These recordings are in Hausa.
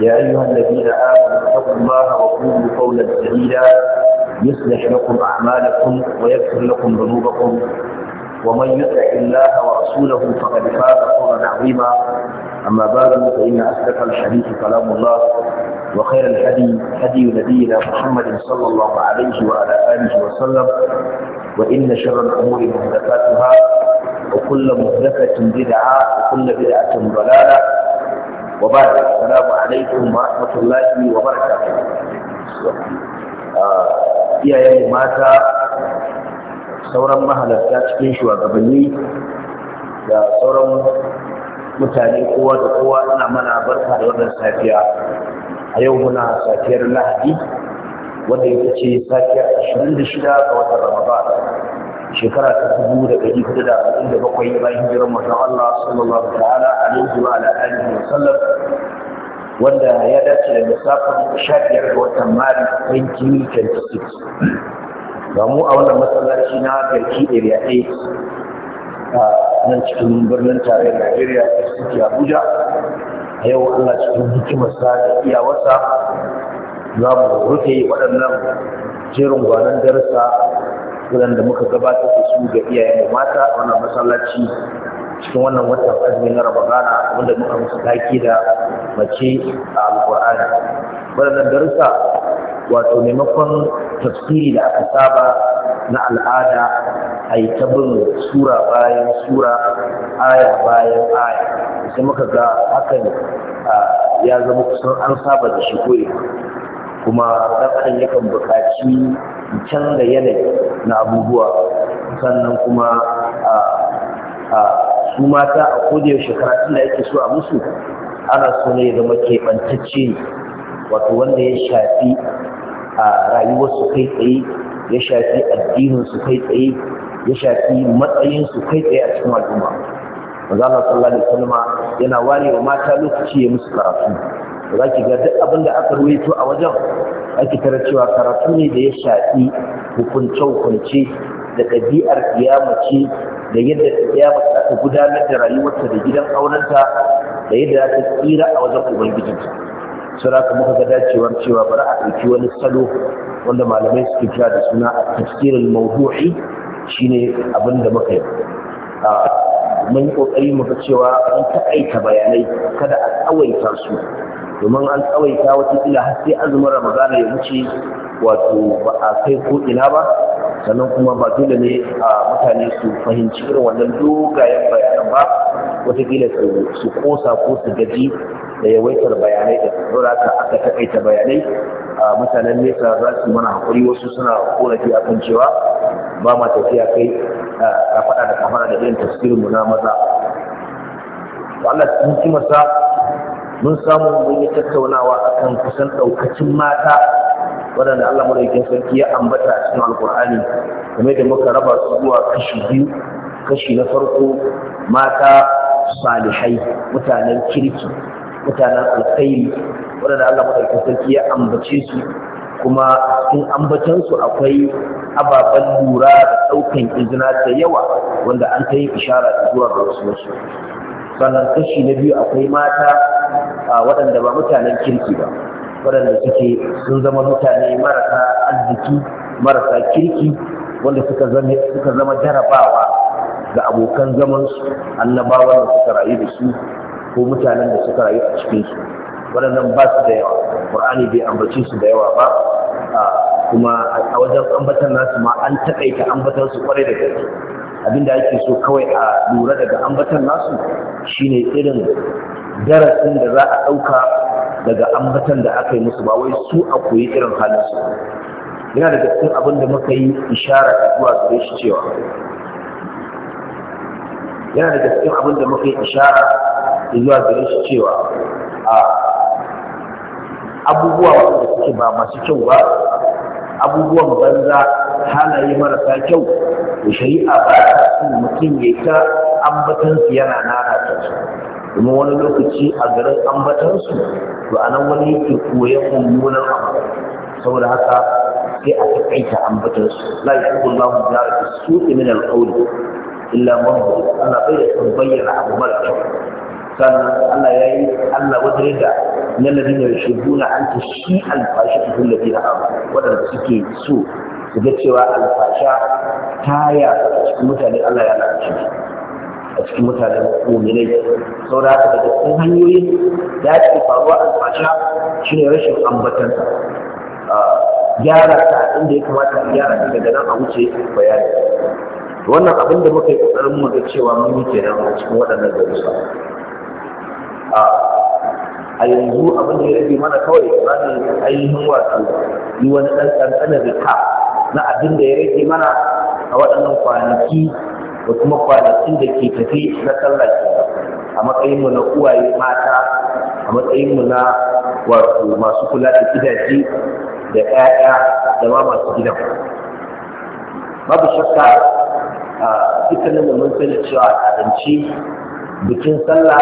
يا أيها الذين آمنوا اتقوا الله وقولوا قولا سديدا يصلح لكم أعمالكم ويغفر لكم ذنوبكم ومن يطع الله ورسوله فقد فاز فوزا عظيما أما بعد فإن أصدق الحديث كلام الله وخير الهدي هدي نبينا محمد صلى الله عليه وعلى آله وسلم وإن شر الأمور محدثاتها وكل محدثة بدعة وكل بدعة ضلالة وبعد السلام عليكم ورحمة الله وبركاته iyayen mata sauran mahalarta cikin shugabanni da sauran mutane kowa da kowa ina mana barka da wannan safiya a yau muna safiyar lahadi wanda ita ce safiyar 26 ga watan ramadan shekara ta dubu da ɗari hudu da arba'in da bakwai bayan hijirar manzon Allah sallallahu ta'ala alaihi wa ala wa sallam wanda ya dace da lissafin sha biyar ga watan Maris 2026 ga mu a wannan masallaci na garki area 8 a nan cikin birnin tarayyar Najeriya a ciki Abuja a yau Allah cikin hikimarsa da iyawarsa za mu rufe waɗannan jerin gwanon darasa kiran da muka gabatar da su ga iyayen mata a wannan masallaci cikin wannan watan azumi na ramadana wanda muka musu taki da mace a alƙur'ani waɗannan darussa wato maimakon tafsiri da aka saba na al'ada a yi ta bin sura bayan sura aya bayan aya sai muka ga hakan ya zama kusan an saba da shi ko kuma ɗan yakan buƙaci canza yanayi na abubuwa sannan kuma su mata a yaushe karatun da ake so a musu ana so ne ya zama keɓantacce wato wanda ya shafi a rayuwarsu kai tsaye ya shafi addinin su kai tsaye ya shafi matsayinsu kai tsaye a cikin al'umma. Maza Allah sallallahu Alaihi yana ware wa mata lokaci ya musu karatu za ki ga duk abin da aka ruwaito a wajen ake tara cewa karatu ne da ya shafi hukunce-hukunce da ɗabi'ar kiyamace da yadda kiyamace aka gudanar da rayuwarta da gidan aurenta da yadda ta tsira a wajen ubangijinta sura ka muka ga dacewar cewa bari a ɗauki wani salo wanda malamai suke kira da suna a tafsirin mawdu'i shine abin da muka yi mun kokari muka cewa an taƙaita bayanai kada a tsawaita su domin an tsawaita wata ila har sai azumin ramadan ya wuce wato ba a kai ko ina ba sannan kuma ba dole ne a mutane su fahimci irin wannan dogayen bayanan ba watakila su kosa ko su gaji da yawaitar bayanai da saboda haka aka takaita bayanai a mutanen nesa za su mana hakuri wasu suna korafi akan cewa ba ma tafiya kai a faɗa da kamar da irin tafsirin mu na maza Allah cikin hikimarsa mun samu mun yi tattaunawa kan kusan ɗaukacin mata waɗanda Allah madaukakin sarki ya ambata a cikin alkur'ani game da muka raba su zuwa kashi biyu kashi na farko mata salihai mutanen kirki mutanen alkhairi waɗanda Allah madaukakin sarki ya ambace su kuma cikin ambatansu akwai ababen lura da ɗaukan izina da yawa wanda an ta yi ishara zuwa ga wasu wasu sannan kashi na biyu akwai mata a waɗanda ba mutanen kirki ba waɗanda suke sun zama mutane marasa arziki marasa kirki wanda suka zama jarabawa ga abokan zamansu annabawan da suka rayu da su ko mutanen da suka rayu a cikinsu waɗannan ba su da yawa ƙur'ani bai ambace su da yawa ba kuma a wajen ambatan nasu ma an taƙaita ambatan su kwarai da gaske abinda ake so kawai a lura daga ambatan nasu shine irin darasin da za a ɗauka daga ambatan da aka yi musu ba wai su a koyi irin halinsu yana da cikin abin da muka yi ishara zuwa gare shi cewa yana da cikin abin da muka yi ishara zuwa gare shi cewa a abubuwa wanda suke ba masu kyau ba abubuwan banza halaye marasa kyau da shari'a ba ta mutum ya ta ambatan su yana nana ta su domin wani lokaci a garin ambatansu to a nan wani yake koyan mummunan abu saboda haka sai a takaita ambatansu la yuhibbu Allahu ja'a as-su'i min al-qawl illa man Allah bai da san bayyana abu mara kyau sannan Allah ya yi Allah wajen da na ladina yashibuna an tashi al-fashatu alladina amanu wadanda suke so su ga cewa al-fasha ta ya cikin mutane Allah ya lalace a cikin mutanen mummunai sau da haka daga cikin hanyoyin da ya ke faruwa shi ne rashin ambatan gyara ta inda ya kamata a gyara ta daga nan a wuce bayani wannan abin da muka yi ƙoƙarin mu da cewa mun yi kenan a cikin waɗannan darussa a yanzu abin da ya rage mana kawai ranar ainihin wato yi wani ɗan ƙanƙanin rika na abin da ya rage mana a waɗannan kwanaki da kuma kwanakin da ke tafi na sallah a matsayinmu na uwaye mata a matsayinmu na wato masu kula da gidaje da 'ya'ya da ma masu gidan babu shakka a dukkanin mun sani cewa al'adance bikin sallah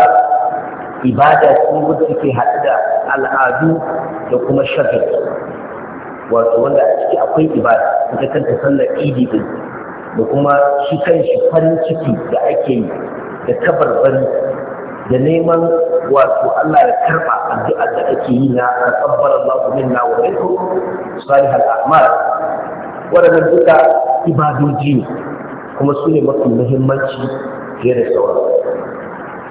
ibada ce wadda take haɗu da al'adu da kuma shagali wato wanda a ciki akwai ibada ita kanta sallar idi din da kuma shi kanshi farin ciki da ake yi da tabarbari da neman wato Allah ya karba addu'a da ake yi na taqabbal Allahu minna wa minkum salihal a'mal na duka ibadoji ne kuma su ne mafi muhimmanci fiye da sauran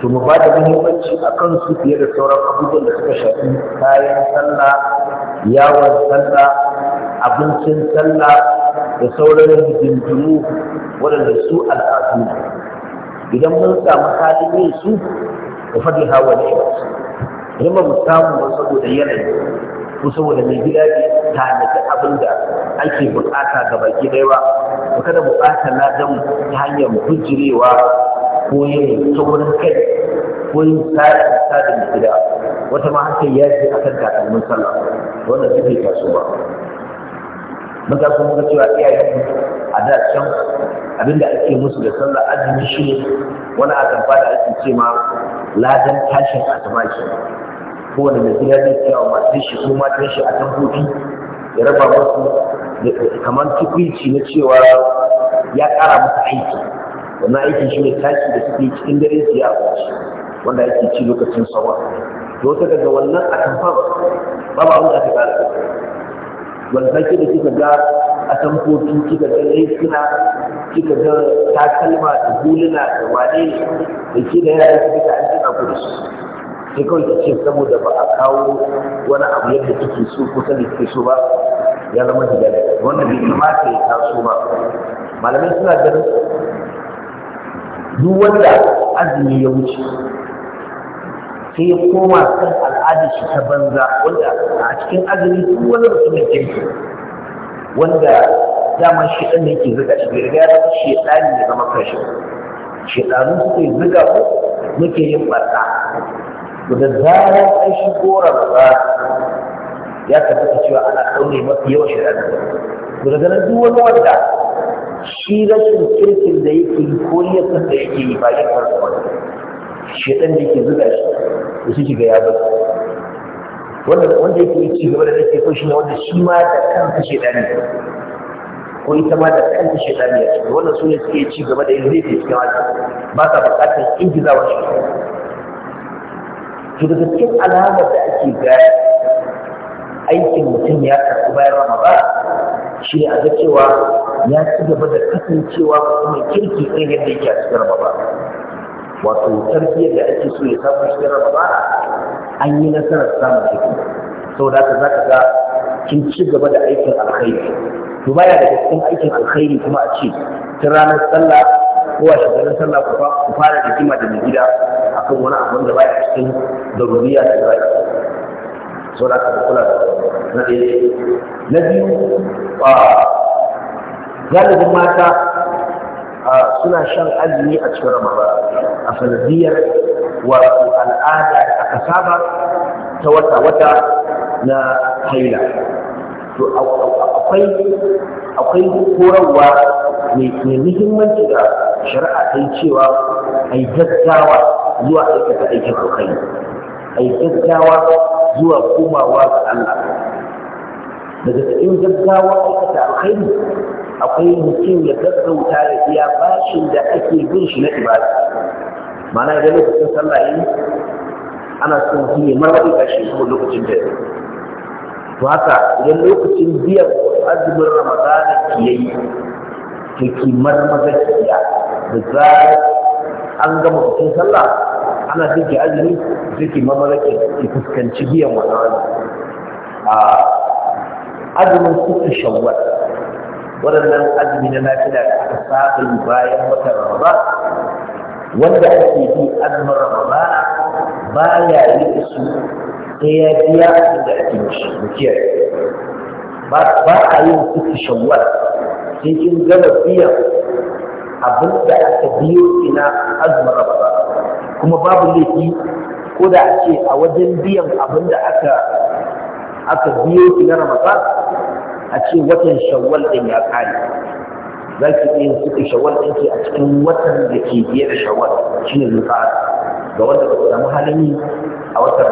to mu ba da muhimmanci a su fiye da sauran abubuwan da suka shafi kayan sallah yawon sallah abincin sallah da sauran hidindimu waɗanda su al'adu ne idan mun samu halin su da faɗi hawa ne idan mu samu ba saboda yanayi ko saboda mai gida ne ta nufi abin da ake bukata ga baki ɗaya ba kada bukata na dan ta hanyar bujirewa ko yin saurin kai ko yin sadin gida wata ma haka ya ce kan takalmin sallah wanda suke kasuwa maza sun muka cewa iyayen a da can abinda ake musu da sallah azumi shi ne wani atamfa da ake ce ma ladan tashin asama shi kowane mai gida zai cewa masu shi ko matan shi a tambobi ya raba musu kamar tukwici na cewa ya kara musu aiki wannan aikin shi ne tashi da suke cikin dare su yi abinci wanda aiki ci lokacin sawa da wata daga wannan a tamfar ba ba wanda aka kara wanda ke da kika ga a tamfofi kika ga laifina kika ga takalma da huluna da wane ne da ke da yara kika an jina ku da su sai kawai ta ce saboda ba a kawo wani abu yadda kike so ko sani kike so ba ya zama hijabi wannan bai kamata ya taso ba malamai suna ganin duk wanda azumi ya wuce sai ya koma kan al'adar shi ta banza wanda a cikin azumi duk wani mutumin kirki wanda dama shi ɗan yake ke zuga shi bai riga ya zama shi ɗani ya zama kashi shekaru suke zuga ko muke yin barna da zarar an shigo ramadan ya tabbata cewa ana ɗaure mafi yawan shekaru da ganin duk wanda shi rashin kirkin da yake yi ko yasan da yake yi ba ya karsa wani shedan da yake zuga shi da su shiga ya bar wanda wanda yake ci gaba da nake ko shi ne wanda shi ma da kansa shedan ne ko ita ma da kanta shaitani ya ce wannan su ne suke ci gaba da ilimi da cikin wata ba sa bukatar ingiza wa shi. to daga cikin alamar da ake gaya aikin mutum ya karɓi bayan ramadan shi ne a ga cewa ya ci gaba da kasancewa mai kirki ɗin yadda yake a cikin rababa wato tarbiyyar da ake so ya samu cikin rababa an yi nasarar samun ciki saboda haka za ka ga kin ci gaba da aikin alkhairi to baya da cikin aikin alkhairi kuma a ce ta ranar sallah ko a shagarin sallah ku fara da kima da mai gida akan wani abun da baya cikin daruriya da rayuwa Sau da aka kula da na ɗaya na biyu galibin mata suna shan azumi a cikin ramadan a sanadiyar wato al'ada da aka saba ta wata-wata na haila to akwai akwai mai muhimmanci da shari'a ta yi cewa a yi gaggawa zuwa aikata aikin alkhairi ai gaggawa zuwa komawa ga Allah daga cikin gaggawa aikata alkhairi akwai mutum ya gaggauta ya iya bashin da ake bin shi na ibada mana idan lokacin sallah yi ana son mutum ya marwaɗe shi kuma lokacin da to haka idan lokacin biyan azumin ramadana ki yi, to ki marmaza ki da zarar an gama bikin sallah ana son azumi sai ki mamara ki fuskanci biyan wani a azumin kuka shawwal waɗannan azumi na lafiya da aka saba yi bayan watan ramadan wanda ake bi azumin ramadan ba ya yi su sai ya biya da ake mishi mukiyar ba a yin kuka shawwal sai kin gama biyan abin da aka biyo ina azumin ramadan kuma babu laifi ko da a ce a wajen biyan abin da aka aka biyo ki na ramadan a ce watan shawwal din ya kare za ki iya suka shawwal din a cikin watan da ke biye da shawwal shine zulqa'ada ga wanda ba samu halin yi a watan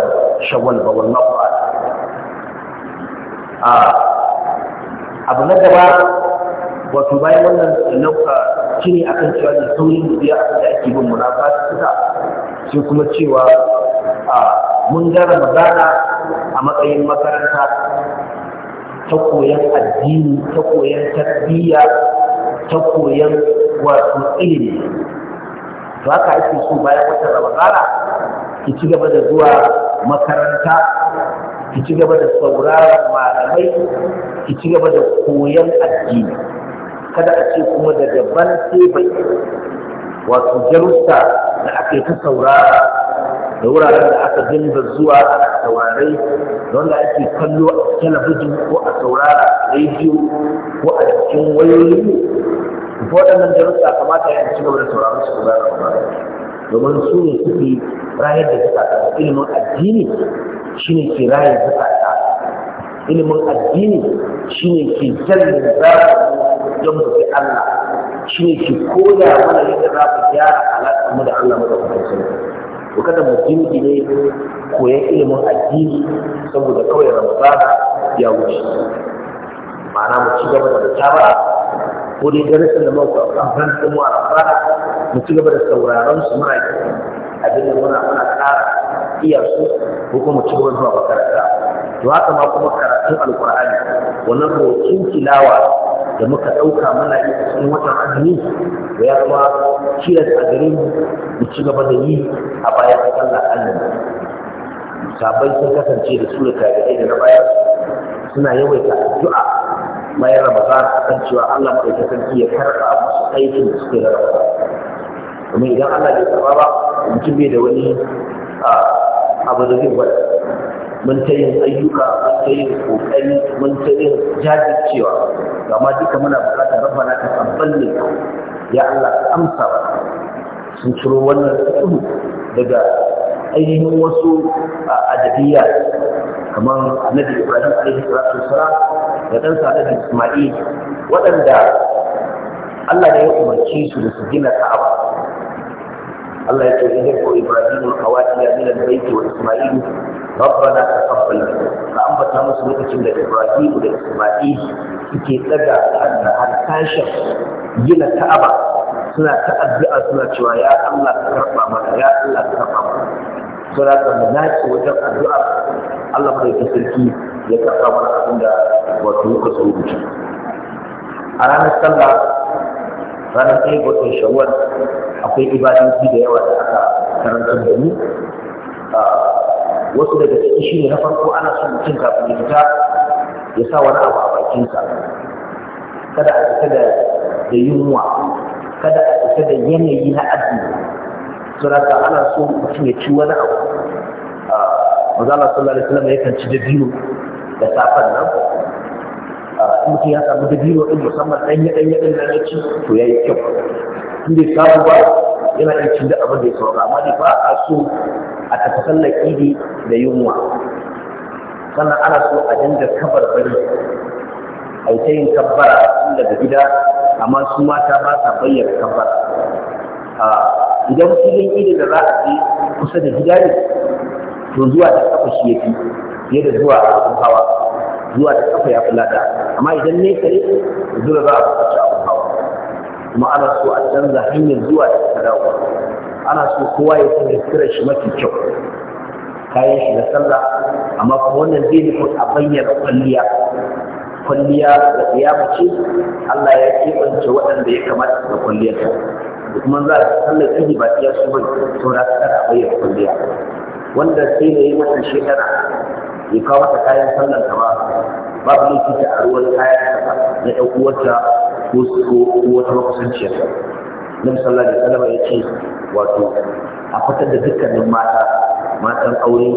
shawwal ba wannan a'lam a ah, abu na gaba wato bayan wannan nauka shine akan cewa da saurin biya da ake bin munafa suka sai kuma cewa a mun gara magana a matsayin makaranta ta koyan addini ta koyan tarbiyya ta koyan wato ilimi to haka ake so bayan wata ramadana ki ci gaba da zuwa makaranta ki ci gaba da sauraron malamai ki ci gaba da koyan addini kada a ce kuma daga ban sai bai wato jarusta da aka yi ta saurara da wuraren da aka dinga zuwa a saurare da wanda ake kallo a talabijin ko a saurara a rediyo ko a cikin wayoyi ko waɗannan jarusta kamata ya ci gaba da sauraron su ba domin su ne suke rayar da zukata ilimin addini shine ke rayar zukata ilimin addini shine ke jallin zafin don mu ji Allah shi ne ki koya mana yadda za ku gyara alaƙar mu da Allah mu da kuma to kada mu ne koyan ilimin addini saboda kawai ramadana ya wuce ma'ana mu ci gaba da tabara ko dai darasin da muka kan da mu a ramadana mu ci gaba da sauraron su muna a da muna muna ƙara iya su ko kuma ci gaba zuwa makaranta to haka ma kuma karatun alkur'ani wannan rokin tilawa da muka ɗauka mana iya cikin watan azumi da ya kuma kira a gare mu mu ci gaba da yi a bayan Allah annabi sabai sun kasance da su da tare da na baya suna yawaita addu'a bayan ramadan akan cewa Allah madaukakin ya karɓa musu aikin da suke da ramadan idan Allah ya karɓa ba mutum bai da wani ah, abu da zai gwada mantayin ayyuka mun ta kokari mantayin jajircewa Gama duka muna bukatar rabbana ka ne ya Allah ka amsa ba sun ciro wannan tsuru daga ainihin wasu a adabiyya kamar annabi Ibrahim alaihi salatu wasalam da dan sa da Isma'il waɗanda Allah ne ya umarci su da su gina Ka'aba Allah ya ce idan ko Ibrahim al ya min baiti wa Isma'il rabbana taqabbal ka ambata musu lokacin da Ibrahim da Isma'il suke daga har tashin gina Ka'aba suna ta addu'a suna cewa ya Allah ka karba ya Allah ka karba mana sura ta munaci wajen addu'a Allah mai sarki ya karba mana abin da wato muka so a ranar sallah ranar ɗaya ga watan akwai ibadoji da yawa da aka karantar da mu wasu daga ciki shi ne na farko ana son mutum kafin ya fita ya sa wani abu a bakinsa kada a fita da yunwa kada a fita da yanayi na azumi saboda ana so mutum ya ci wani abu ah, maza Allah sallallahu alaihi wasallam yakan ci dabino da safan nan ah, in mutum ya samu dabino din musamman ɗanye ɗanye ɗin nan ci to ya yi kyau in bai samu ba yana iya cin da abin da ya sauka amma dai ba a so a tafi idi da yunwa sannan ana so a dinga kabar bari a ta yin kabbara tun daga gida amma su mata ba sa bayyana kabbara idan yin idi da za a je kusa da gida ne to zuwa da kafa shi ya fi fiye da zuwa a abin hawa zuwa da kafa ya fi lada amma idan ne kare zuwa za a kusa abin hawa kuma ana so a canza hanyar zuwa da dawowa ana so kowa ya san gaskiyar shi mafi kyau kayan shi na sallah amma kuma wannan zai nufin a bayyana kwalliya kwalliya da kiyama ce Allah ya keɓance waɗanda ya kamata da kwalliyarsa da kuma za a sallar ihi ba iya su bane saboda su kada bayyana kwalliya wanda sai da yi masa shekara ya kawo masa kayan sallar ta ba babu laifi ta a ruwan kayan na ɗan uwarta ko wata makusanciyarsa na sallallahu alaihi wasallam ya ce wato a fitar da dukkanin mata matan aure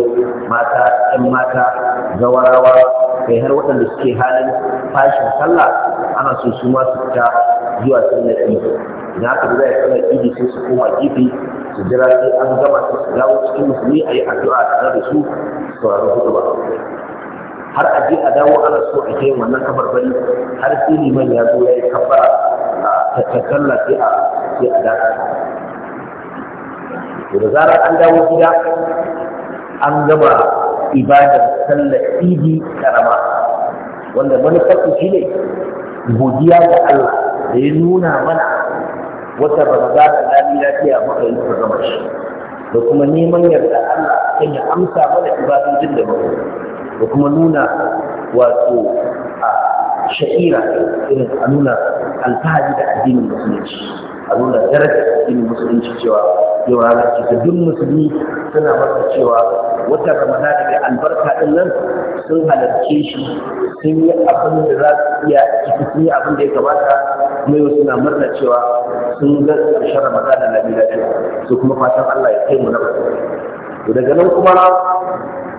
mata 'yan mata zawarawa kai har waɗanda suke halin fashin sallah ana so su ma su fita zuwa sallar idi idan aka bi za a sallar idi sai su koma gefe su jira sai an gama su dawo cikin musulmi a yi addu'a tare da su sauraron hudu ba har a je a dawo ana so a kai wannan kafar bari har sai liman ya zo ya yi kafara ta sallah sai a sai a dakata to da zarar an dawo gida an gama ibadar sallar idi karama wanda manufarsu shi ne godiya ga Allah da ya nuna mana wata ramadan na lafiya maka yi ta gama shi da kuma neman yarda Allah kan ya amsa mana ibadojin da muka da kuma nuna wato a sha'ira irin a nuna alfahari da addinin musulunci abinda nuna daraja musulunci cewa yawa na cika duk musulmi suna masa cewa wata ramadana da albarka din nan sun halarce shi sun yi abin da za su iya ciki sun yi abin da ya kamata kuma yau suna murna cewa sun ga ƙarshen ramadana da lafiya su kuma fatan Allah ya kai mu na to daga nan kuma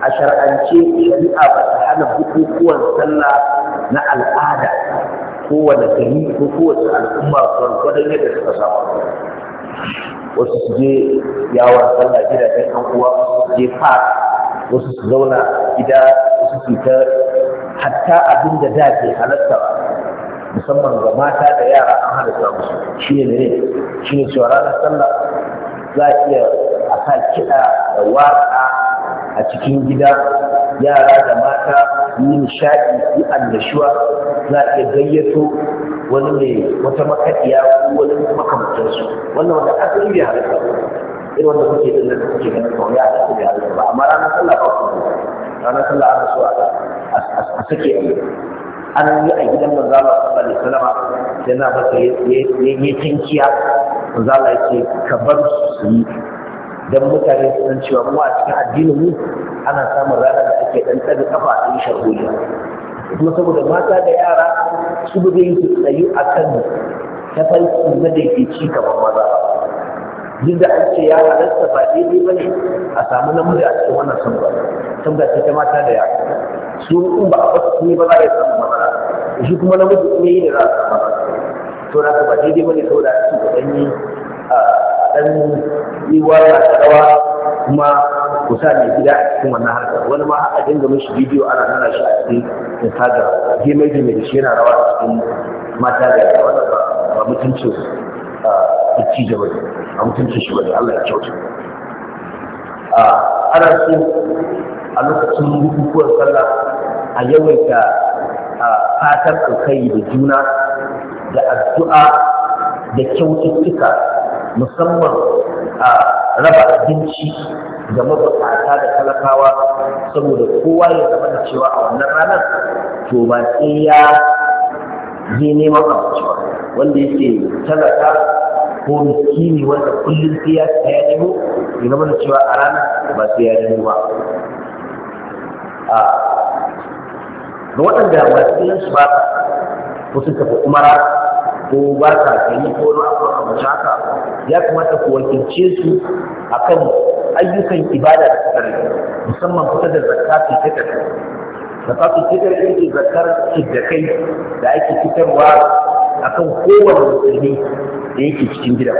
a shar'ance shari'a ba ta hana bukukuwan sallah na al'ada kowane gari ko kowace al'umma gwargwadon yadda suka samu wasu su je yawon sallah gidajen ɗan uwa wasu su je park wasu su zauna gida wasu su ta hatta abin da da ke halatta musamman ga mata da yara an halatta musu shi ne ne shi ne cewa ranar sallah za a iya a sa kiɗa da waƙa a cikin gida yara da mata yi nishaɗi yi annashuwa za a iya gayyato wani mai wata makaɗiya ko wani makamantarsu wannan wanda asali bai halitta irin wanda kuke din nan kuke ganin kawai ya asali bai halitta ba amma ranar sallah ba ku ranar sallah an so a sake a yi an yi a gidan manzo Allah sallallahu alaihi wasallam yana masa yayin tankiya manzo Allah yake ka bar su yi don mutane su san cewa kuma a cikin addinin mu ana samun ranar da ake dan tsaga kafa a cikin sharholiya kuma saboda mata da yara su ba zai su tsayu a kan tafarki ci kamar maza duk da an ce ya halarta ba daidai ba ne a samu namiji a cikin wannan ba, samba da ta mata da yara su in ba a ba su ba za a yi samun shi kuma namiji ne yi da za a samu mara to na ba daidai ba ne saboda su ga ɗanyi ɗan yi ya ta kuma ku sa mai gida a cikin wannan harkar wani ma a dinga mishi bidiyo ana nuna shi a cikin instagram gemai gemai da shi yana rawa a cikin mata da yawa ba mutuncin bacci da bane a mutuncin shi bane Allah ya kyauta ana so a lokacin bukukuwan sallah a yawaita fatan alkhairi da juna da addu'a da kyaututtuka musamman a raba abinci ga mabukata da talakawa saboda kowa ya zama da cewa a wannan ranar to ba sai ya zai neman abinci ba wanda yake talaka ko miskini wanda kullum sai ya ya nemo ya zama da cewa a ranar ba sai ya nemo ba ga waɗanda masu yin su ba ko sun tafi umara ko ba ta gani ko wani abu makamanci haka ya kamata ku wakilce su akan ayyukan ibada da suka musamman kusa da zakatun fitar zakatun fitar yake zakar siddakai da ake fitarwa akan kowane musulmi da yake cikin gidan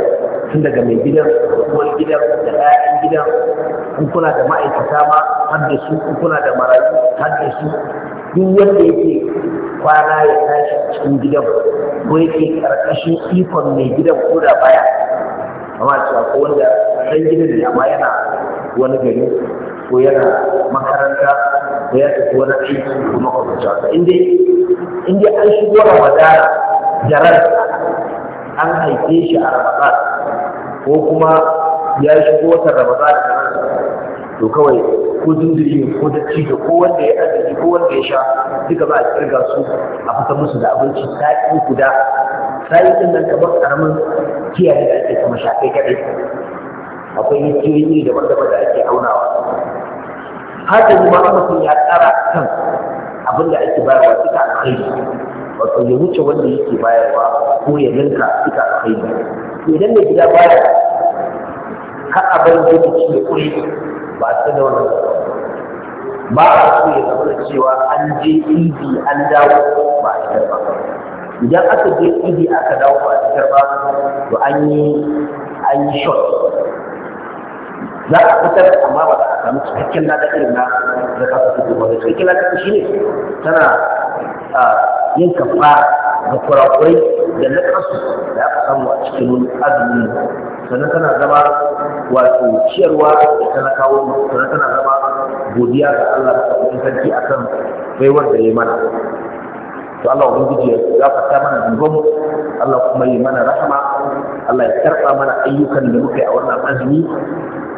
tun daga mai gidan kuma gidan da ɗayan gidan in kuna da ma'aikata ma har da su in kuna da marayu har da su duk wanda yake kwana ya tashi a cikin gidan ko yake karkashin ikon mai gidan ko da baya amma cewa ko wanda san gidan ne amma yana wani gari ko yana makaranta ko ya tafi wani aiki ko makwabta inda inda an shigo ramadan da jarar an haife shi a ramadan ko kuma ya shigo wata ramadan to kawai ko dindiri ko dacci da ko wanda ya arziki ko wanda ya sha duka ba a kirga su a fitar musu da abinci sa'i guda sa'i din nan kamar karamin kiyaye da ake kuma shafe kaɗai akwai hikiyoyi da daban da ake aunawa haka ma mutum ya tsara kan abin da ake bayarwa duka alkhairi wato ya wuce wanda yake bayarwa ko ya ninka duka kai idan mai gida bayar ka abin da yake ya kure ba su da wani ba a su ya zama da cewa an je idi an dawo ba a shigar ba idan aka je idi aka dawo ba a ba to an yi an yi shot za a fitar amma ba za a samu cikakken na irin na da kasa su ba da cikakken kasa shi ne tana yin kafa da kurakurai da na kasu da aka samu a cikin azumi sannan tana zama wato ciyarwa da kawo sannan tana zama godiya ga Allah da kuma sarki akan baiwar da ya mana to Allah ubangiji ya gafarta mana zunubanmu Allah kuma yi mana rahama Allah ya karɓa mana ayyukan da muke a wannan azumi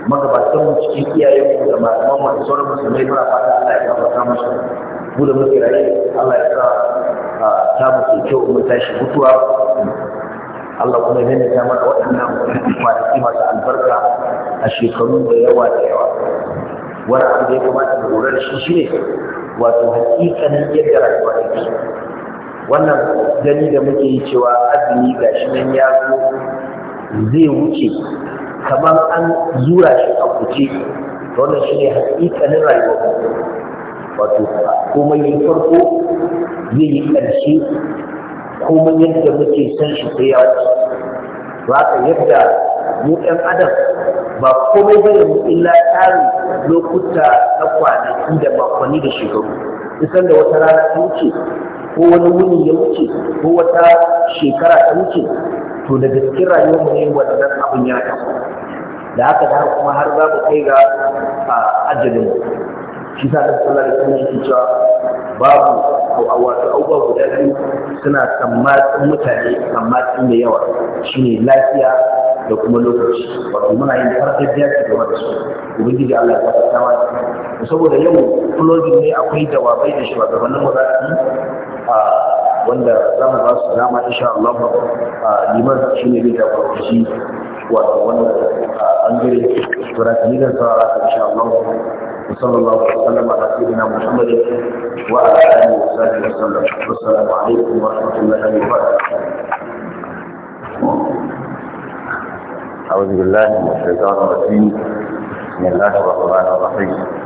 magabatan mu cikin iyayen da malaman mu da sauran musulmai muna fata Allah ya gafarta musu mu da muke raye Allah ya sa ah, ta mu kyau mun tashi mutuwa Allah kuma ya nuna mana waɗannan kwanaki masu albarka a shekaru da yawa da yawa wani abu da ya kamata da lura da shi shi ne wato hakikanin yadda rayuwa take wannan gani da muke yi cewa azumi ga shi nan ya zo zai wuce kamar an zura shi a kuce wannan shi ne hakikanin rayuwa wato komai farko zai yi ƙarshe kuma yadda muke san shi sai ya wuce ba ka yadda mu ɗan adam ba komai bane mu illa tsarin lokuta na kwanaki da makonni da shekaru isan da wata rana ta wuce ko wani wuni ya wuce ko wata shekara ta wuce to da gaskiyar rayuwar mu ne wannan abin ya tafi da haka da kuma har za mu kai ga ajalin shi sa da sallar da kuma shi cewa babu ko a wato abubuwa guda biyu suna sammatsin mutane sammatsin da yawa shine lafiya da kuma lokaci wato muna yin farkar jaji game da su ubangiji Allah ya fata mana saboda yau closing ne akwai jawabai da shugabannin mu za su wanda za mu ba su dama insha Allah liman shine zai jagoranci wato wannan bangare. Tura kamilan saurara insha Allah وصلى الله وسلم على سيدنا محمد وعلى اله وصحبه وسلم والسلام عليكم ورحمه الله وبركاته أعوذ بالله من الشيطان الرجيم بسم الله الرحمن الرحيم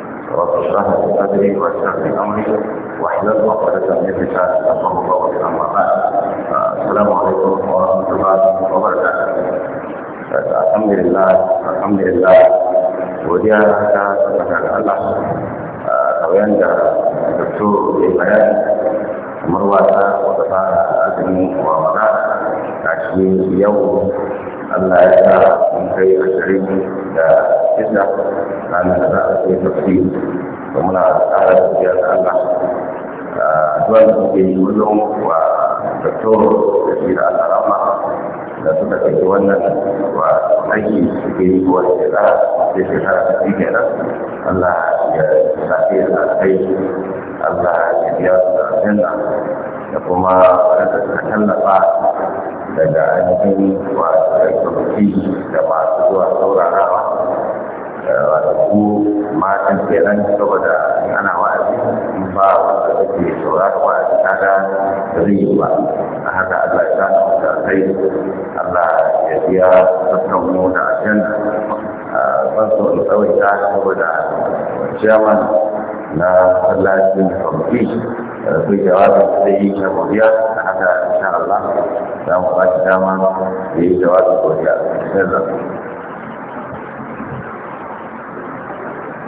رب اشرح لي صدري ويسر لي امري واحلل عقدة من لساني يفقهوا قولي اما بعد السلام عليكم ورحمة الله وبركاته الحمد لله الحمد لله godiya ta tabbata ga Allah kamar da doktor ya bayani kamar wata wata fara azumin wa wata kashi yau Allah ya sa mun kai ashirin da ada ranar da za a sai tafsiri muna da Allah duwan da suke yi wajen wa doktor da shi da Allah suka ɗauki wannan wa aiki suke yi Allah ya safe da Allah ya biya su da da kuma wadanda tallafa daga ainihin wa da da masu zuwa ku matan kenan saboda in ana wa'azi in ba wanda kake saurara wa'azi kaga da zai yi ba a haka Allah ya sani da kai Allah ya biya tattauno da ajiyar ban so in tsawaita saboda ciyaman na masallacin kwamfi su jawabin zai yi ta godiya a haka insha Allah za mu ba shi dama da yi jawabin godiya. Sai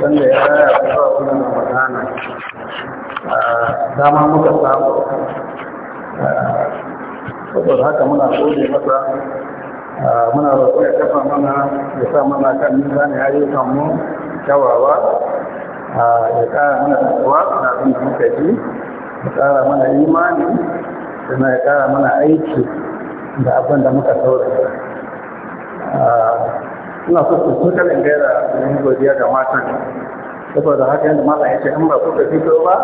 wanda ya raya zuwa wannan magana dama muka samu saboda haka muna gode masa muna roƙo ya kafa mana ya sa mana kan nisanin ayyukan mu kyawawa ya ƙara mana tsawa na abin da muka ji ya ƙara mana imani sannan ya ƙara mana aiki da abin da muka saurara ina so ku tuka da gaira yin godiya ga matan saboda haka yadda malam ya ce an ba kuka fito ba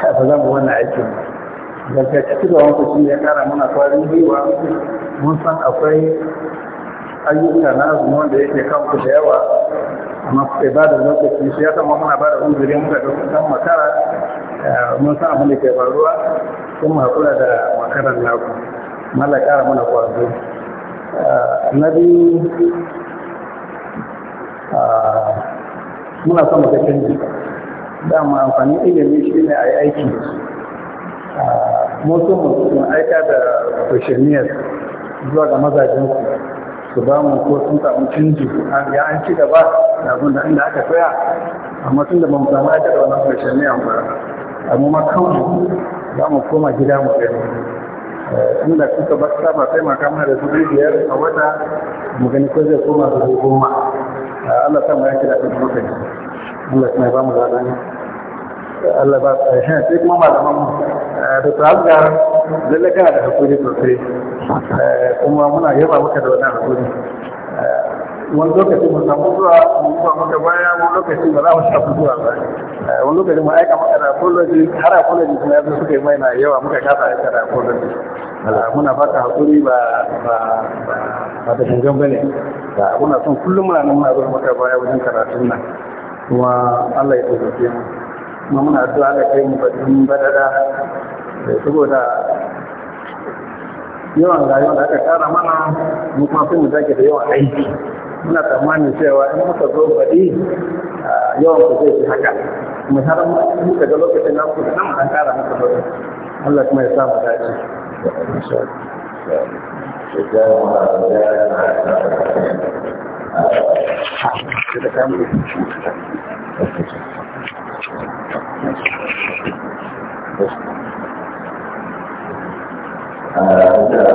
ba za mu wannan aikin da daga cikin da wanku shi ya kara mana kwarin gwiwa mun san akwai ayyuka na azumi wanda yake ku da yawa amma ku ba da lokaci shi ya kama mun ba da uzuri mun ga dukkan makara eh, mun san abin da ke faruwa sun hakura da makaran naku mala kara mana kwazo eh, na muna son mu ga canji dama amfanin ilimi shi ne a yi aiki a su mutum mu aika da questionnaires zuwa ga mazajen ku su ba mu ko sun samu canji ya an ci gaba da abin da inda aka tsaya amma tun da ba mu samu aika da wannan questionnaire ba amma ma kanmu za mu koma gida mu gani inda kuka ba saba sai ma mana da su biyar a wata mu gani ko zai koma su goma Allah ta mu yake da ɗin lokaci Allah ta ba mu zaɓen Allah ba a eh, shi sai kuma malaman mu da tsazgar lalle kana da hakuri sosai eh, kuma muna yaba maka da wannan hakuri eh, wani lokacin mu samu zuwa mu zuwa maka baya wani lokacin ba za mu shafi zuwa ba eh, wani lokacin mu aika maka da apology har apology kuma yanzu suka yi mai na yawa muka kasa aika da apology eh, muna fata hakuri ba ba ba da gangan bane ba muna son kullum muna nan muna zuwa maka baya wajen karatun nan kuma Allah ya tsare mu kuma muna addu'a da kai mu batun badada eh, saboda yawan rayuwa da aka kara mana mu kuma sai mu dake da yawan aiki muna tsammanin cewa in muka zo baɗi yawan ku zai fi haka mu har muka ga lokacin na da nan an ƙara maka lokaci Allah kuma ya sa mu dace Uh,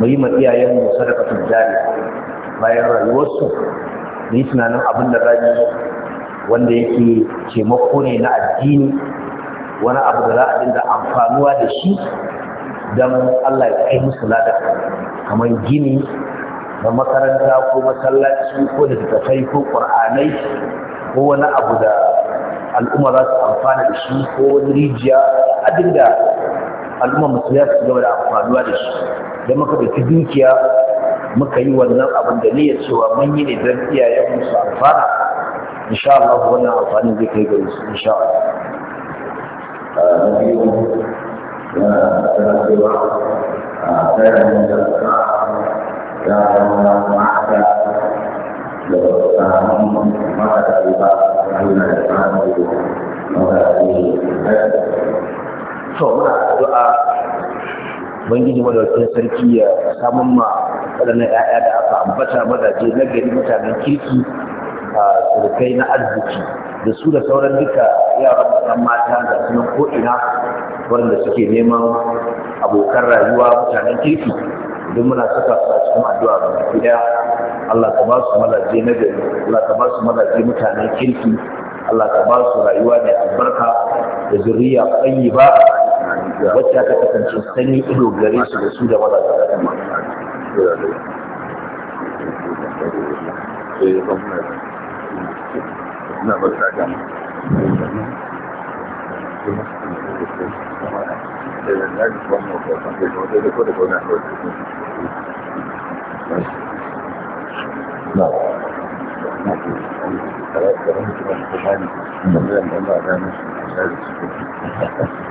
mu yi ma iyayenmu sadaqatul jari bayan rayuwarsu muyi yi tunanin abin da za wanda yake taimako ne na addini wani abu da za a dinga amfanuwa da shi don Allah ya kai musu lada kamar gini da makaranta ko masallaci ko da ko ƙur'anai ko wani abu da al'umma za su amfana da shi ko wani rijiya a dinga al'umma musu ya su gaba da amfanuwa da shi da muka ɗauki dukiya muka yi wannan abin da niyyar cewa mun yi ne don iyayen musu amfana insha Allah wannan amfanin zai kai gari su insha Allah na biyu yana tana cewa a tsarin da ta ya zama ma'aka da samun mata da ba Allah ya samu da mata da ba to muna addu'a bangiji madaukakin sarki ya samun ma waɗannan ‘ya'ya da aka ambata mazaje na gari mutanen kirki a surukai na arziki da su da sauran duka yaran mutan mata da sunan ko'ina waɗanda suke neman abokan rayuwa mutanen kirki don muna saka su a cikin addu'a ga gida Allah ka ba su mazaje na gari Allah ka ba su mazaje mutanen kirki Allah ka ba su rayuwa mai albarka da zuriya ba. wacce aka kasance sanyi ido gare su da su da maza ta kama Thank you.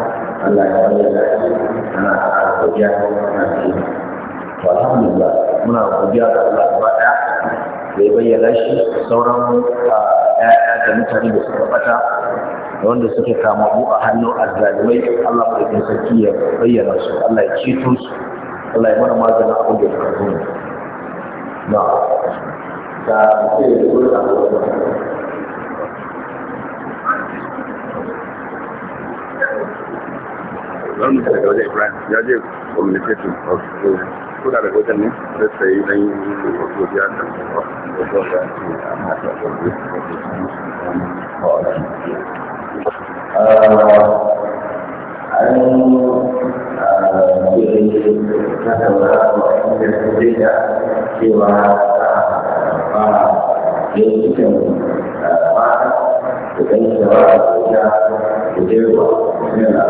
Allah ya da ana a muna godiya ga Allah gaba ɗaya. da bayyana shi sauran ah, ƴaƴa da mutane da suka bata da wanda suke kamabu a hannun azzalimai Allah sarki ya bayyana su Allah ya ceto su Allah ya mana maganin abin da suka faru na ta ce zan mutu daga wajen ibrahim ya je communication of kuna daga wajen ne da sai dan yi wato ya kan wato da ke a mata da ta ba yin cikin ba da ɗan da da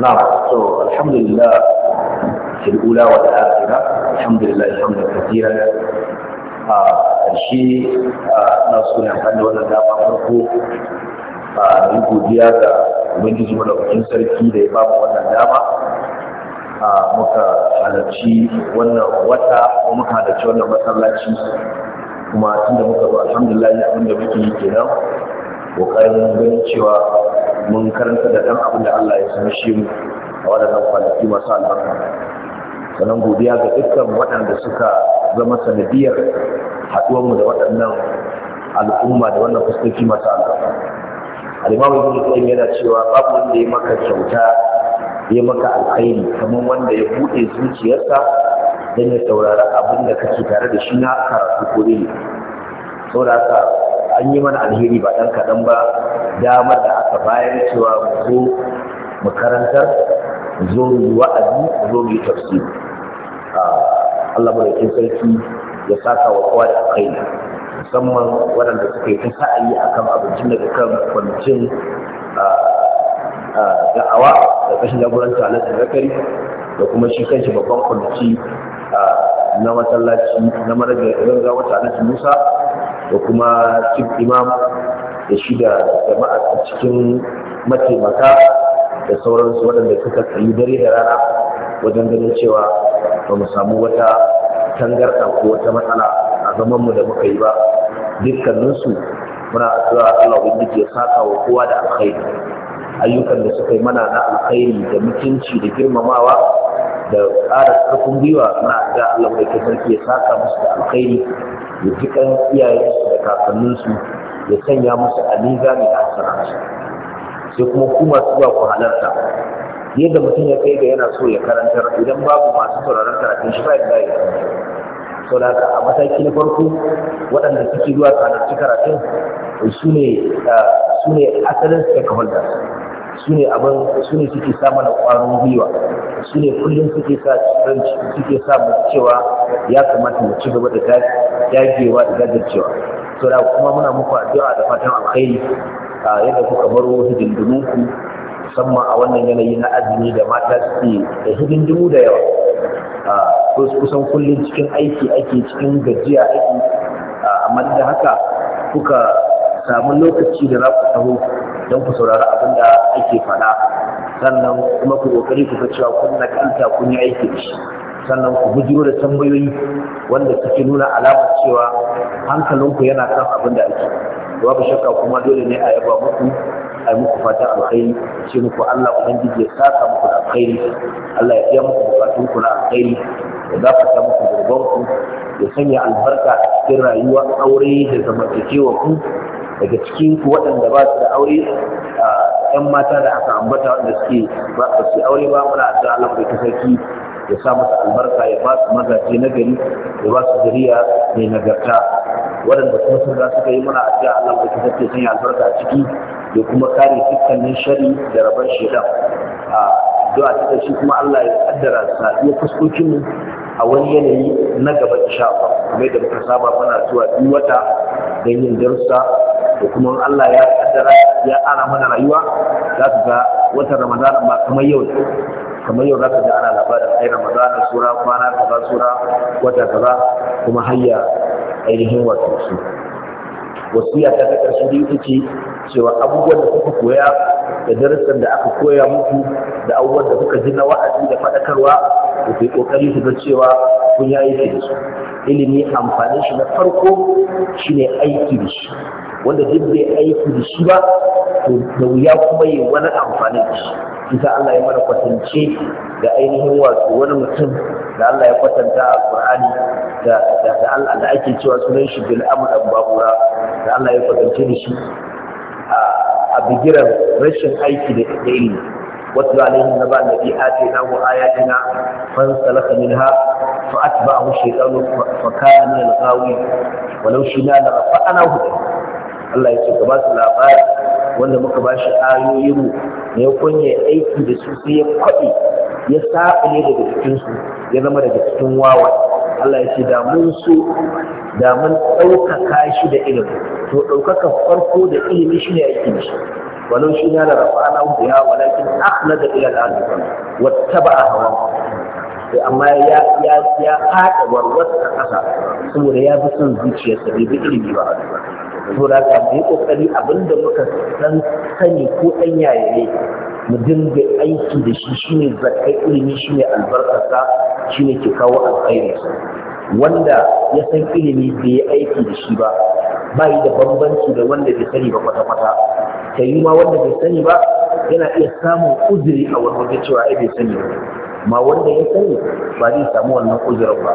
نعم so, الحمد لله في الأولى والآخرة الحمد لله حمدا كثيرا الشيء نصر يحمد ولا دعوة فرقه yi godiya ga ubangiji madaukakin sarki da ya ba mu wannan dama ah, muka halarci wannan wata ko muka halarci wannan masallaci kuma tun da muka zo alhamdulillah abin da muke yi kenan ƙoƙarin ganin cewa mun karanta da ɗan abin da Allah ya sami shi mu a waɗannan kwanaki masu albarka sannan godiya ga dukkan waɗanda suka zama sanadiyar haɗuwarmu da waɗannan al'umma da wannan fuskoki masu albarka alimamu ibn qayyim yana cewa babu wanda ya maka kyauta ya maka alkhairi kamar wanda ya buɗe zuciyarsa don ya saurari abin da kake tare da shi na karatu ko ne. saboda haka an yi mana alheri ba ɗan kaɗan ba damar da aka bayar cewa mu zo mu karantar mu zo mu yi wa'azi mu zo mu yi tafsiri Allah mulkin sarki ya saka wa kowa da kaina musamman waɗanda suka yi ta sa'ayi akan abincin daga kan kwamitin da'awa da kashin jagoranta alaƙar zakari da kuma shi kanshi babban kwamiti na masallaci na marajar wata alaƙar musa da kuma cin imam da shi da jama'a a cikin mataimaka da sauransu waɗanda suka tsayi dare da rana wajen ganin cewa ba mu samu wata tangarɗa ko wata matsala a zamanmu da muka yi ba dukkaninsu muna addu'a Allah ubangiji ya saka wa kowa da alkhairi ayyukan da suka yi mana na alkhairi da mutunci da girmamawa da ƙara ƙarfin gwiwa na ga Allah mai sarki ya saka musu da alkhairi ya ji kan iyayensu da kakanninsu ya sanya musu a nizami a su, sai kuma ku masu zuwa ku halarta yadda mutum ya kai ga yana so ya karantar idan babu masu sauraron karatun shi ba ya sau da a mataki na farko waɗanda suke zuwa karatun su ne ah, asalin stakeholders su ne abin su ne suke sa mana ƙwarin gwiwa su ne kullum suke sa ranci suke sa mu cewa ya kamata mu ci gaba da dagewa da jajircewa to da kuma muna muku addu'a da fatan alkhairi yadda kuka baro hidindimun ku musamman a wannan yanayi na azumi da mata suke da hidindimu da yawa kusan kullum cikin aiki ake cikin gajiya ake amma da haka kuka samu lokaci da za ku taho don ku saurari abin da ake faɗa sannan kuma ku kokari ku ga cewa kun na kanta kun yi aiki da shi sannan ku bujiro da tambayoyi wanda suke nuna alama cewa hankalinku yana kan abin da ake babu shakka kuma dole ne a yaba muku a muku fata alkhairi ce muku Allah ubangiji ya saka muku da alkhairi Allah ya saya muku bukatun ku na alkhairi ya ta muku ku ya sanya albarka cikin rayuwar aure da zamantakewa ku daga cikin ku waɗanda ba su da aure ‘yan mata da aka ambata wanda suke ba su aure ba muna da Allah ta sarki ya sa musu albarka ya ba su mazaje na gari ya ba su zuriya mai nagarta waɗanda kuma sun za suka yi muna da Allah ta sarki sun yi albarka a ciki ya kuma kare dukkanin shari da rabar shaidan a addu'a ta shi kuma Allah ya kaddara sa iya fuskokin mu a wani yanayi na gaba insha Allah kuma da muka saba muna zuwa duk wata don yin darussa da kuma Allah ya kaddara ya ara mana rayuwa za su ga watan Ramadan ma kamar yau kamar yau zaka ji ana labarin ai Ramadan sura kwana kaza sura wata kaza kuma hayya ainihin wato su wasiya ta ta karshe da ita ce cewa abubuwan da kuka koya da darasin da aka koya muku da abubuwan da kuka ji na wa'azi da faɗakarwa da ku yi ƙoƙari su ga cewa kun yi aiki da su ilimi amfanin shi na farko shine aiki da shi wanda duk bai aiki da shi ba to da wuya kuma yi wani amfani da shi isa Allah ya mana kwatance da ainihin wato wani mutum da Allah ya kwatanta a Qur'ani da da Allah da ake cewa sunan shi bil amr babura. da Allah ya kwatance da shi a bigiran rashin aiki da ilimi واتل عليهم نبأ الذي fa آياتنا فانسلخ منها فأتبعه الشيطان فكان من الغاوين ولو شئنا لرفعناه Allah ya ce ka su labari wanda muka ba shi mu ne ya kunya aiki da su sai ya kwaɗe ya saɓa ne daga cikinsu ya zama daga cikin wawa Allah ya ce da mun so da mun ɗaukaka shi da ilimi to ɗaukaka farko da ilimi shi ne aiki da shi walau shi na da rafa'ana biya walakin akhlada ila al-ardi a hawa amma ya ya ya haɗa warwar ƙasa saboda ya fi son zuciyarsa bai bi ilimi ba a to da ka mu yi kokari abinda muka san sani ko dan yaye mu dinga aiki da shi shine zakai ilimi shine albarkarsa shine ke kawo alkhairi wanda ya san ilimi bai yi aiki da shi ba ba da bambanci da wanda bai sani ba kwata-kwata ta ma wanda bai sani ba yana iya samun uzuri a wani wajen cewa ai bai sani ba ma wanda ya sani ba zai samu wannan uzurin ba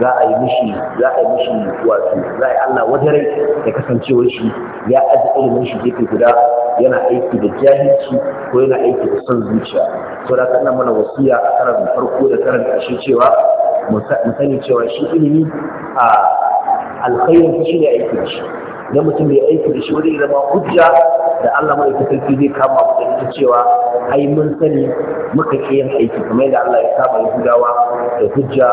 za a yi mishi za a yi mishi wato za a yi Allah wajen rai da kasancewar shi ya aji ilimin shi gefe guda yana aiki da jahilci ko yana aiki da son zuciya to da kana mana wasiya a karan farko da karan ƙarshe cewa mu sani cewa shi ilimi a alkhairin shi ne aiki da shi Na mutum ya aiki da shi wani zama hujja da Allah mai sarki zai kama mu da ita cewa ai mun sani muka ke yin aiki kamar yadda Allah ya kama Yahudawa da hujja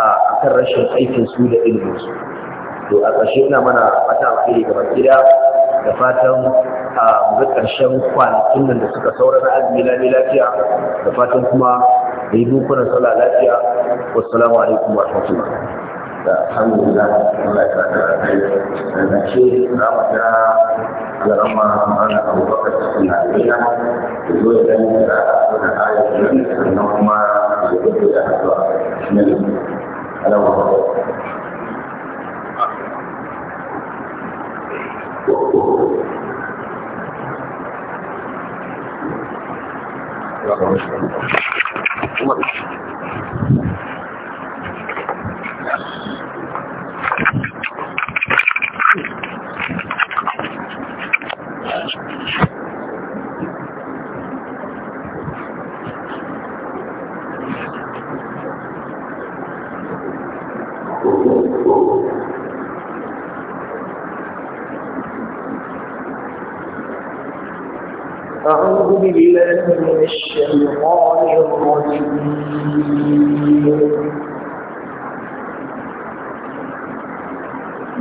a kan rashin aikin su da ilimin su to a ƙarshe ina mana fata alheri ga gida da fatan a ga ƙarshen kwanakin nan da suka saura na azumi lami lafiya da fatan kuma da yi dukunan sallah lafiya wassalamu alaikum wa da gida Allah ya saka da kai da nace za mu ga abubakar suna da zo ya da wannan ayatun sannan kuma da gudu da ne Thank you.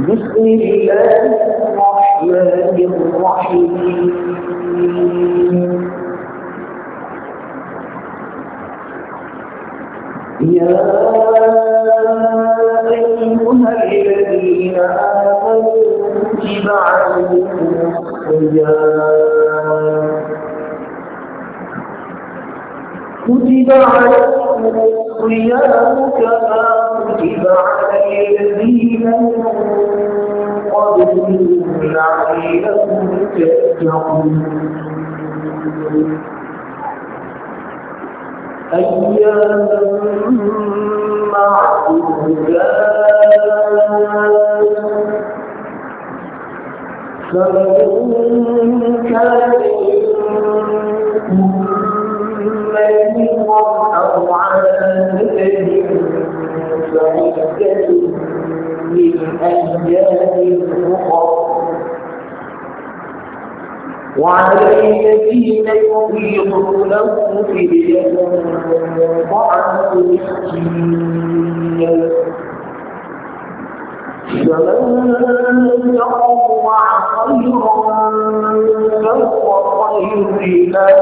بسم الله الرحمن الرحيم يا أيها الذين آمنوا كتب عليكم الصيام كتب عليكم الصيام كما كتب على الذين من لعلكم تتقون أيام معدودات فمن كان منكم مريضا أو على سبيل فعدة من أيام أخرى وعلى الذين يطيقونه فدية ضعف مسكين فمن تطوع خيرا فهو خير له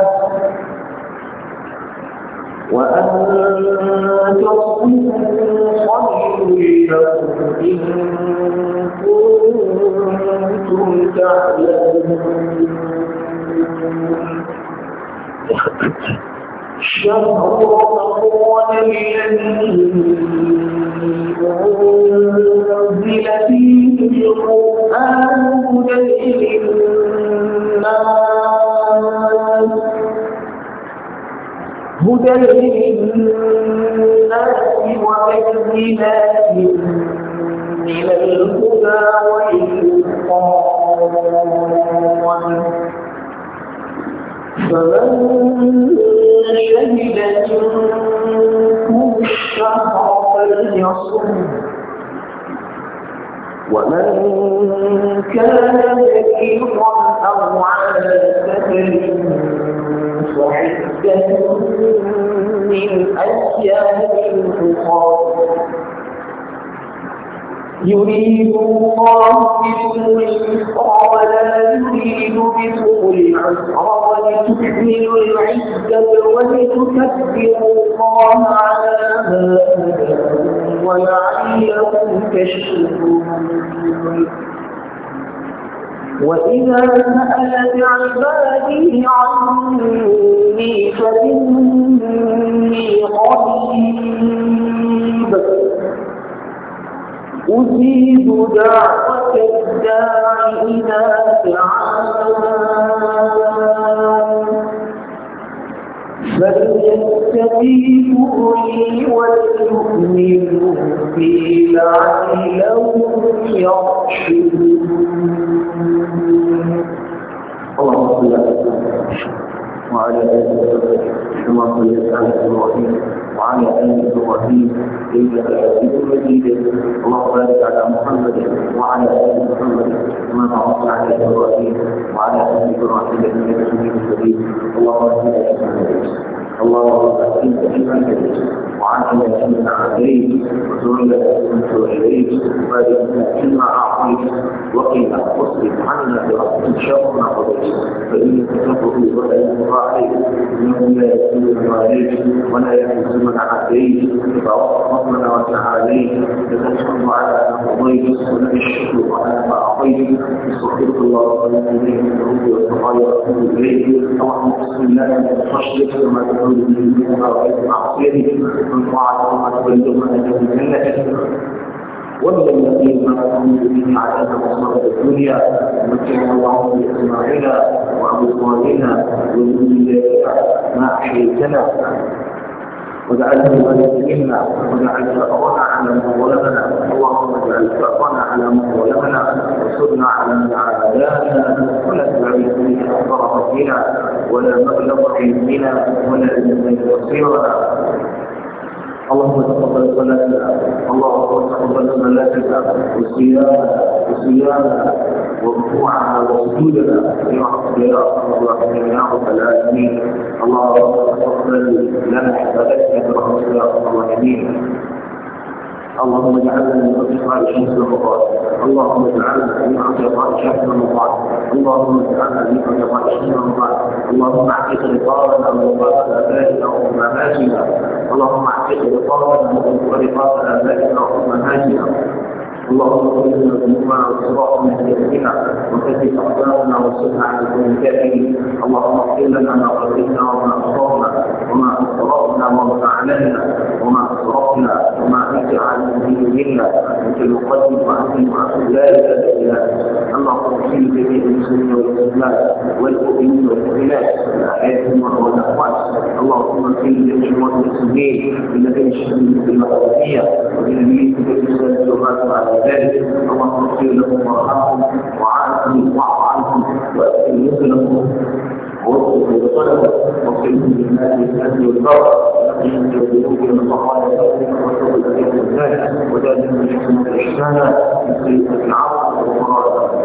وأن تصوموا خير لكم إن كنتم تعلمون شهر رمضان الذي أنزل فيه القرآن هدى للناس هدى للناس وبينات من الهدى والفرقان فمن شهد منكم الشهر فليصم ومن كان كثيرا او على سبيل عدة من أيام أخرى يريد الله بكم اليسر ولا يريد بكم العسر ولتكملوا العزة ولتكبروا الله على ما هداكم ولعلكم تشكرون وإذا سألت عبادي عني فإني قريب أجيب دعوة الداع إذا دعان فليستجيبوا لي وليؤمنوا بي لعلهم يرشدون اللهم صل على وعلى آل محمد كما صليت على إبراهيم وعلى آل إبراهيم إنك حميد مجيد اللهم بارك على محمد وعلى آل محمد كما باركت على إبراهيم وعلى آل إبراهيم إنك حميد مجيد اللهم اهدنا إلى اللهم اهدنا إلى ان من عديد ذلة من عديد فإن إما أعطيت وقيل أصرف عنا برب شر ما قضيت فإن كتبه ولا يمر عليك إنه لا يكون عليك ولا يحز من عديت فأصرفنا وتعاليت فتشكر على ما قضيت ولك الشكر على ما أعطيت استغفرك الله ولا إليه من الرب والسقايا وأتوب إليه اللهم بسم الله من المشرق كما تقول به من رأيت معصيتي عن طاعتهم ما تبلغنا به جنته ومن الذين ما تحمل به علينا مصر الدنيا مكن اللهم وابطالنا ومن ذلك ما احييتنا وجعلنا وليس منا وجعل ثأرنا على من ظلمنا اللهم اجعل ثأرنا على من ظلمنا وصرنا على من عادانا ولا تجعل فيه أكبر فينا ولا مبلغ علمنا ولا إليك مصيرنا اللهم تقبل صلاتنا اللهم تقبل صلاتنا وصيامنا وصيامنا وركوعنا وسجودنا يا رب يا ارحم الراحمين يا رب العالمين اللهم تقبل لنا يا برحمتك يا ارحم الراحمين اللهم اجعلنا من اصحاب الشمس والمقاصد اللهم اجعلنا من عقبات شهر رمضان اللهم اجعلنا من عقبات شهر رمضان اللهم اعتق رقابنا ورقاب ابائنا وامهاتنا اللهم اعتق رقابنا ورقاب ابائنا وامهاتنا اللهم اغفر لنا ذنوبنا واصرافنا في امرنا وثبت اقدامنا وانصرنا على كل كافرين اللهم اغفر لنا ما قدمنا وما اخطانا وما أسرقنا وما أعلنا وما أسرقنا وما أنت على منا أنت المقدم وأنت المعصوم لا إله إلا أنت اللهم اغفر جميع المسلمين والمسلمات والمؤمنين والمؤمنات الأحياء والأموات اللهم في جميع المسلمين الذين شهدوا بالمقدسية وبالنبي بالإسلام والمات على ذلك اللهم اغفر لهم وارحمهم وعافهم واعف عنهم وأسلم لهم ووصف بطلبة وصيب للناس الأجل والبر نقل من الذنوب والمصحات وشر الأجل والزاد وزاد من من سيئة العقل والمراد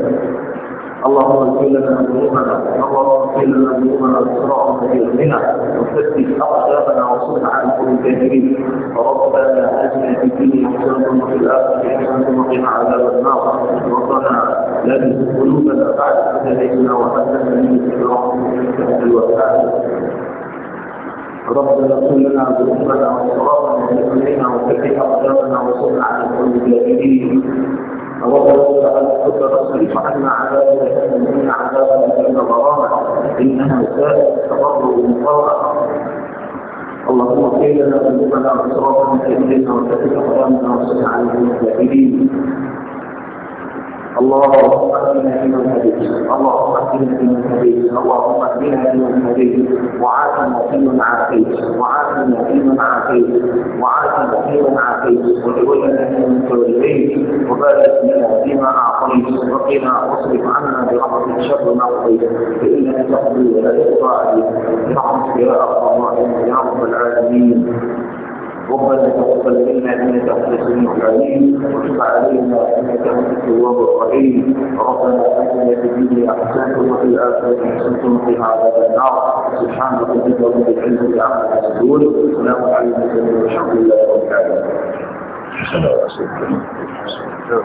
اللهم اغفر لنا ذنوبنا اللهم اغفر لنا ذنوبنا واسرارنا في علمنا وثبت اقدامنا وصلح عن كل كافرين ربنا اجعل في الدنيا حسنه وفي الاخره حسنه وقنا عذاب النار ربنا لا تزغ قلوبنا بعد اذ هديتنا وهب لنا من لدنك رحمه الوهاب ربنا اغفر لنا ذنوبنا واسرارنا في علمنا وثبت اقدامنا وصلح عن كل كافرين ووضعوا فألحك فاصرف عنا عذاب إن عذاب الذين غرامة إنها ساءت تضر مطاعة اللهم اغفر لنا ذنوبنا واسرافنا في امرنا وثبت قدامنا وانصرنا على المجاهدين اللهم اهدنا فيمن هديت اللهم اهدنا فيمن هديت اللهم اهدنا فيمن هديت وعافنا فيمن عافيت وعافنا فيمن عافيت وعافنا فيمن عافيت وتولنا فيمن توليت وبارك لنا فيما اعطيت وقنا واصرف عنا برحمتك شر ما قضيت فانك تقضي ولا تقضى عليك برحمتك يا يا رب العالمين ربنا تقبل منا انك انت السميع العليم وتب علينا انك انت التواب الرحيم ربنا اتنا في الدنيا حسنه وفي الاخره حسنه وفي عذاب النار سبحانك ربك رب العزه عما يصفون وسلام على المرسلين والحمد لله رب العالمين.